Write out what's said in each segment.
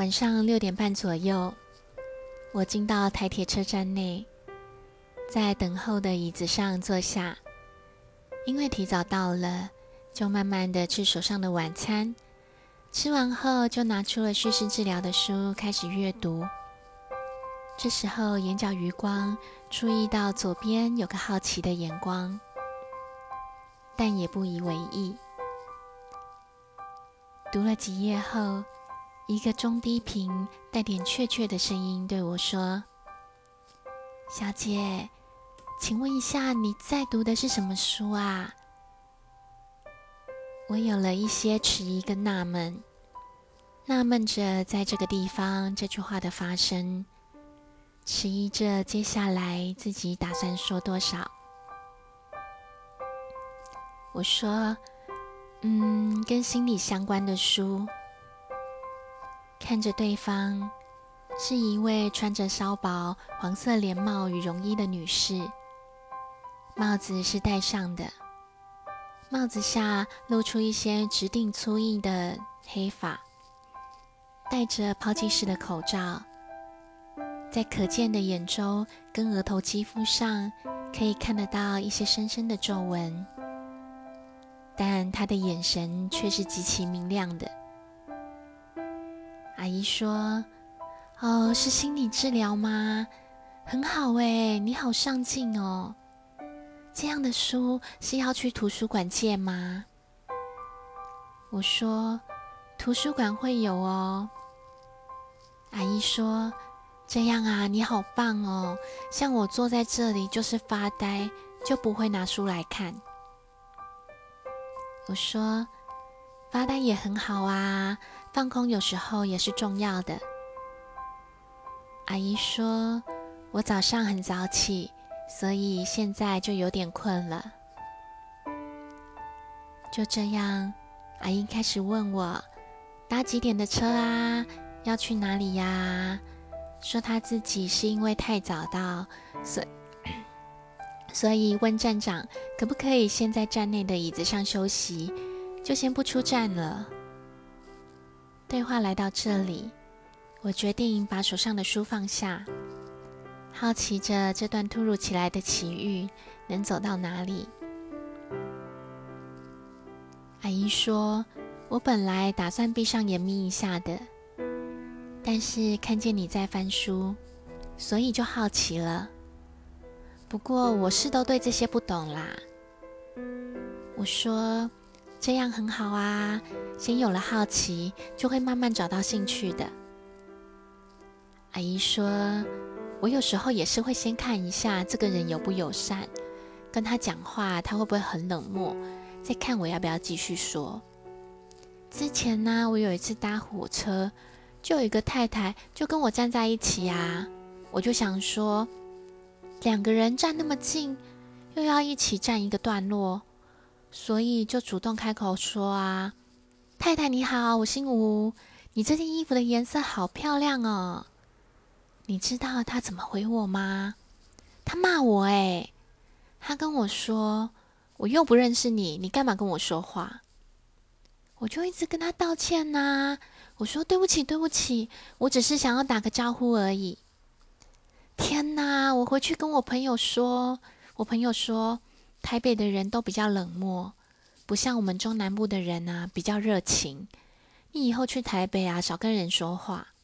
晚上六點半左右，我進到台鐵車站內，在等候的椅子上坐下。因為提早到了，就慢慢的吃手上的晚餐。吃完後，就拿出了敘事治療的書開始閱讀。這時候，眼角餘光注意到左邊有個好奇的眼光，但也不以為意。讀了幾頁後，一個中低頻帶點怯怯的聲音對我說：“小姐，請問一下，你在讀的是什麼書啊？”我有了一些遲疑跟納悶，納悶着在這個地方這句話的發生，遲疑着接下來自己打算說多少。我說：“嗯，跟心理相關的書。”看着對方，是一位穿着稍薄黃色連帽羽絨衣的女士，帽子是戴上的，帽子下露出一些直挺粗硬的黑髮，戴着拋棄式的口罩，在可見的眼周跟額頭肌膚上可以看得到一些深深的皺紋，但她的眼神卻是極其明亮的。阿姨說：“哦，是心理治療嗎？很好誒，你好上進哦。這樣的書是要去圖書館借嗎？”我說：“圖書館會有哦。”阿姨說：“這樣啊，你好棒哦。像我坐在這裡就是發呆，就不會拿書來看。”我說：“發呆也很好啊。”放空有時候也是重要的。阿姨說：“我早上很早起，所以現在就有點困了。”就這樣，阿姨開始問我搭幾點的車啊，要去哪裡呀？說她自己是因為太早到，所以所以問站長可不可以先在站內的椅子上休息，就先不出站了。對話來到這裡，我決定把手上的書放下，好奇着這段突如其來的奇遇能走到哪裡。阿姨說：“我本來打算閉上眼眯一下的，但是看見你在翻書，所以就好奇了。不過我是都對這些不懂啦。”我說：“這樣很好啊。”先有了好奇，就會慢慢找到興趣的。阿姨說：“我有時候也是會先看一下這個人友不友善，跟他講話他會不會很冷漠，再看我要不要繼續說。”之前呢、啊，我有一次搭火車，就有一個太太就跟我站在一起啊，我就想說，兩個人站那麼近，又要一起站一個段落，所以就主動開口說啊。太太你好，我姓吳，你這件衣服的顏色好漂亮哦。你知道他怎麼回我嗎？他罵我哎，他跟我說我又不認識你，你幹嘛跟我說話？我就一直跟他道歉吶、啊，我說對不起對不起，我只是想要打個招呼而已。天哪，我回去跟我朋友說，我朋友說台北的人都比較冷漠。不像我們中南部的人啊，比較熱情。你以後去台北啊，少跟人說話。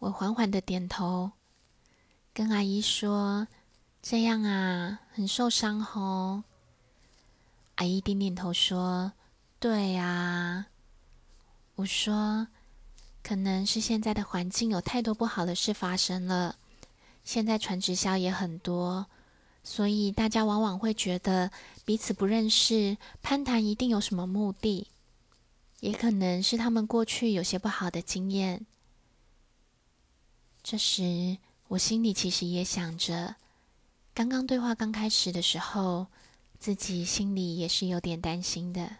我緩緩的點頭，跟阿姨說：“這樣啊，很受傷哦。”阿姨點點頭說：“對啊。”我說：“可能是現在的環境有太多不好的事發生了。現在傳直銷也很多。”所以大家往往會覺得彼此不認識，攀談一定有什麼目的，也可能是他們過去有些不好的經驗。這時我心裡其實也想着，剛剛對話剛開始的時候，自己心裡也是有點擔心的。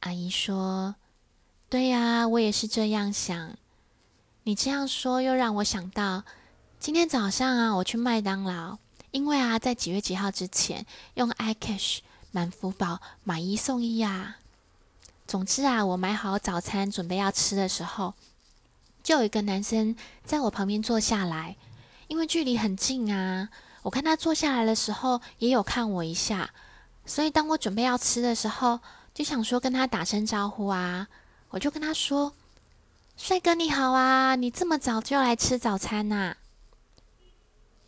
阿姨說：“對呀，我也是這樣想。”你這樣說又讓我想到。今天早上啊，我去麥當勞，因為啊，在幾月幾號之前用 iCash 滿福寶買一送一啊。總之啊，我買好早餐準備要吃的時候，就有一個男生在我旁邊坐下來，因為距離很近啊。我看他坐下來的時候也有看我一下，所以當我準備要吃的時候，就想說跟他打聲招呼啊。我就跟他說：“帥哥你好啊，你這麼早就來吃早餐吶、啊？”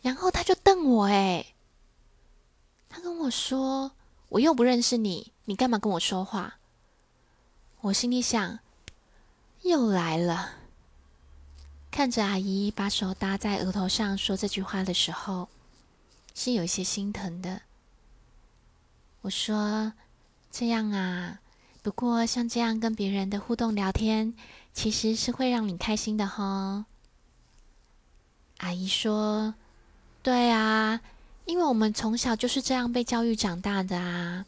然後他就瞪我，哎，他跟我說：“我又不認識你，你幹嘛跟我說話？”我心裡想，又來了。看着阿姨把手搭在額頭上說這句話的時候，是有一些心疼的。我說：“這樣啊，不過像這樣跟別人的互動聊天，其實是會讓你開心的哈。”阿姨說。對啊，因為我們從小就是這樣被教育長大的啊。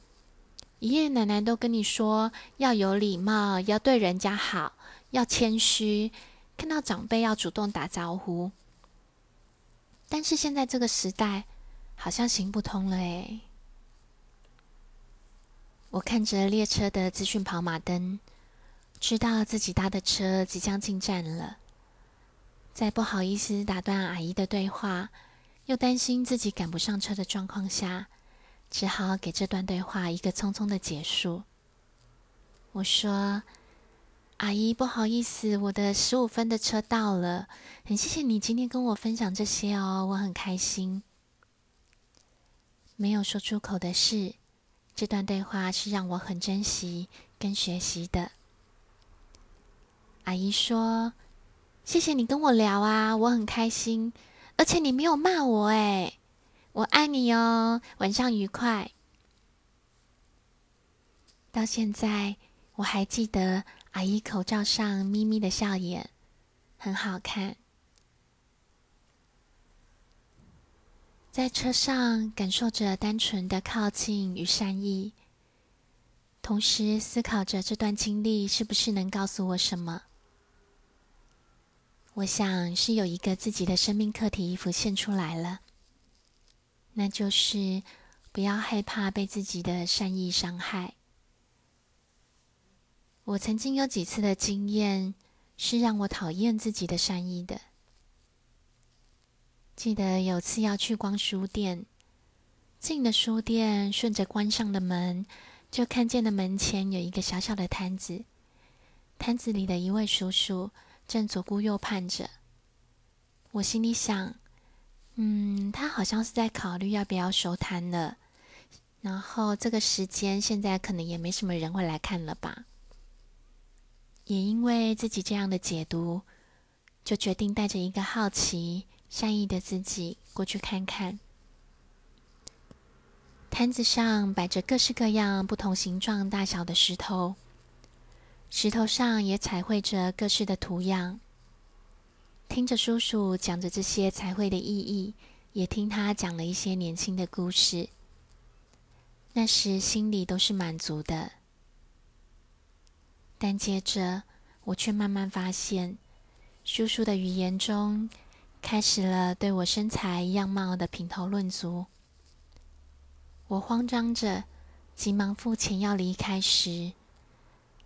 爺爺奶奶都跟你說要有禮貌，要對人家好，要謙虛，看到長輩要主動打招呼。但是現在這個時代好像行不通了哎。我看着列車的資訊跑馬燈，知道自己搭的車即將進站了。再不好意思打斷阿姨的對話。又擔心自己趕不上車的狀況下，只好給這段對話一個匆匆的結束。我說：“阿姨，不好意思，我的十五分的車到了，很謝謝你今天跟我分享這些哦，我很開心。”沒有說出口的是，這段對話是讓我很珍惜跟學習的。阿姨說：“謝謝你跟我聊啊，我很開心。”而且你沒有罵我哎，我愛你哦，晚上愉快。到現在我還記得阿姨口罩上咪咪的笑臉，很好看。在車上感受着單純的靠近與善意，同時思考着這段經歷是不是能告訴我什麼。我想是有一個自己的生命課題浮現出來了，那就是不要害怕被自己的善意傷害。我曾經有幾次的經驗是讓我討厭自己的善意的。記得有次要去逛書店，進了書店，順着關上的門，就看見了門前有一個小小的攤子，攤子裡的一位叔叔。正左顧右盼着，我心裡想，嗯，他好像是在考慮要不要收攤了。然後這個時間現在可能也沒什麼人會來看了吧？也因為自己這樣的解讀，就決定帶着一個好奇、善意的自己過去看看。攤子上擺着各式各樣、不同形狀、大小的石頭。石頭上也彩繪着各式的圖樣，聽着叔叔講着這些彩繪的意義，也聽他講了一些年輕的故事，那時心裡都是滿足的。但接着，我卻慢慢發現，叔叔的語言中開始了對我身材樣貌的評頭論足。我慌張着，急忙付錢要離開時。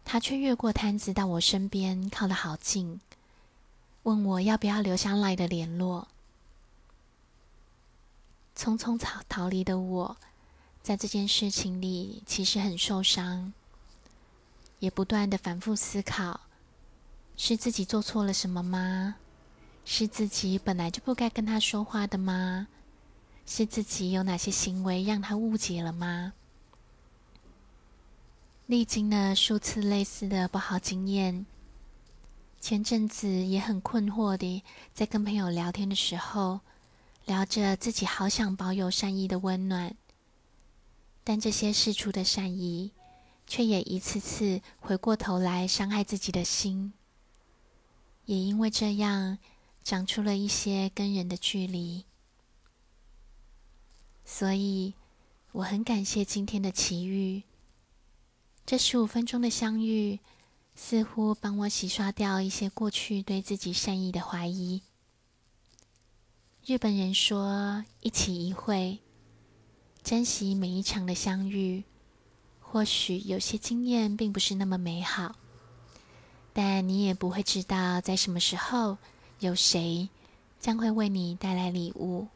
他卻越過攤子到我身邊，靠得好近，問我要不要留下賴的聯絡。匆匆逃逃離的我，在這件事情裡其實很受傷，也不斷的反覆思考：是自己做錯了什麼嗎？是自己本來就不該跟他說話的嗎？是自己有哪些行為讓他誤解了嗎？歷經了數次類似的不好經驗，前陣子也很困惑的，在跟朋友聊天的時候，聊着自己好想保有善意的溫暖，但這些事出的善意，卻也一次次回過頭來傷害自己的心，也因為這樣，長出了一些跟人的距離，所以我很感謝今天的奇遇。這十五分鐘的相遇，似乎幫我洗刷掉一些過去對自己善意的懷疑。日本人說：“一期一會，珍惜每一場的相遇。或許有些經驗並不是那麼美好，但你也不會知道，在什麼時候有誰將會為你帶來禮物。”